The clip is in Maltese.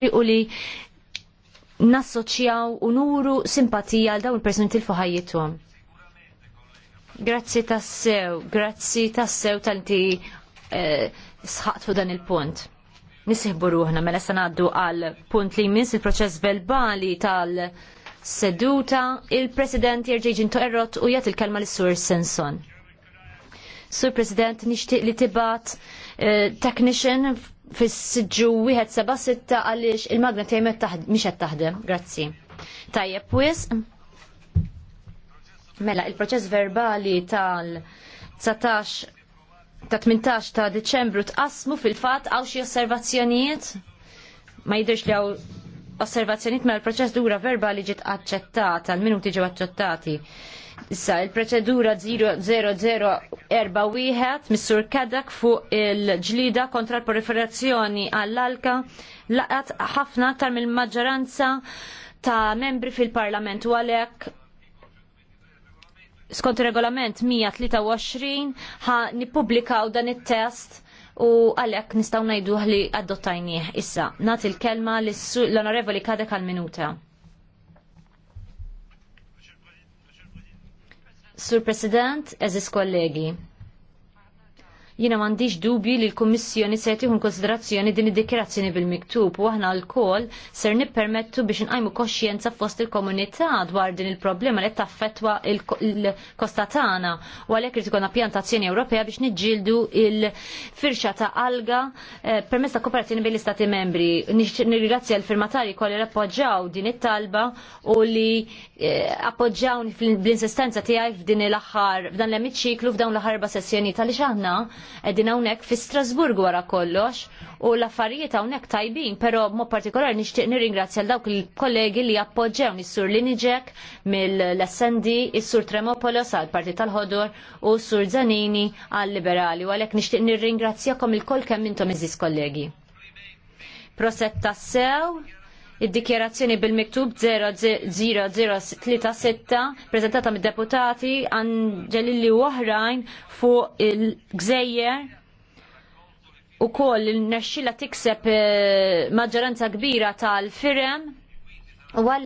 u li nassoċjaw u nuru simpatija għal dawn il-persuni tilfu ħajjithom. Grazzi tassew, grazzi tassew tal ti sħat eh, sħaqt fuq dan il-punt. Nisihbu ruħna mela se ngħaddu għal punt li jmiss il-proċess verbali tal-seduta il-President jerġgħi ġinto errot u jgħat il-kelma lis-Sur Senson. Sur President, nixtieq li tibat eh, technician fis-sġu sitta għaliex il-magna tiegħi mhix qed taħdem. Grazzi. Tajjeb wis. Mela, il-proċess verbali tal-19 ta' 18 ta' Deċembru tqasmu fil-fatt għaw xi osservazzjonijiet ma jidhirx li għaw osservazzjoniet mal proċedura verbali ġiet aċċettata, l-minuti ġew aċċettati. Issa, il-proċedura 0041 Missur Kadak fuq il-ġlida kontra l-proliferazzjoni għall-alka laqat ħafna aktar mill-maġġoranza ta' membri fil-Parlament u għalhekk skont regolament 123 ħa nippubblikaw dan it-test u għalhekk nistgħu ngħidu li adottajnieh issa. Nat il-kelma l-Onorevoli Kadek għal minuta. Sur President, eżis kollegi, Jiena m'għandix dubji li l-Kummissjoni se tieħu konsiderazzjoni din id-dikjerazzjoni bil-miktub u aħna l-kol ser nippermettu biex nqajmu koxjenza fost il-komunità dwar din il-problema li taffetwa il-kosta tagħna u għalhekk irid ikolna pjantazzjoni Ewropea biex niġġieldu il-firxa ta' alga eh, permezz ta' kooperazzjoni bejn l-Istati membri. Nirringrazzja l-firmatari kolli appoġġaw din it-talba u li eh, appoġġawni bl-insistenza tiegħi f'din l-aħħar f'dan l-emiċiklu f'dawn l-aħħar sessjoni tal-li aħna qegħdin hawnhekk fi Strasburg wara kollox u l-affarijiet hawnhekk tajbin, però mod partikolari nixtieq nirringrazzja l dawk il-kollegi li appoġġew is-Sur Liniġek mill-SND, is-Sur Tremopolos għall-Partit tal ħodur u s-Sur Zanini għall-Liberali u għalhekk nixtieq nirringrazzjakom il-kol kemm intom iżis kollegi. Prosetta sew Id-dikjerazzjoni bil-miktub 0036 prezentata mid-deputati Angelilli Wahrajn fuq il-Gżejjer u koll il-nexxila tikseb eh, maġġoranza kbira tal-firem u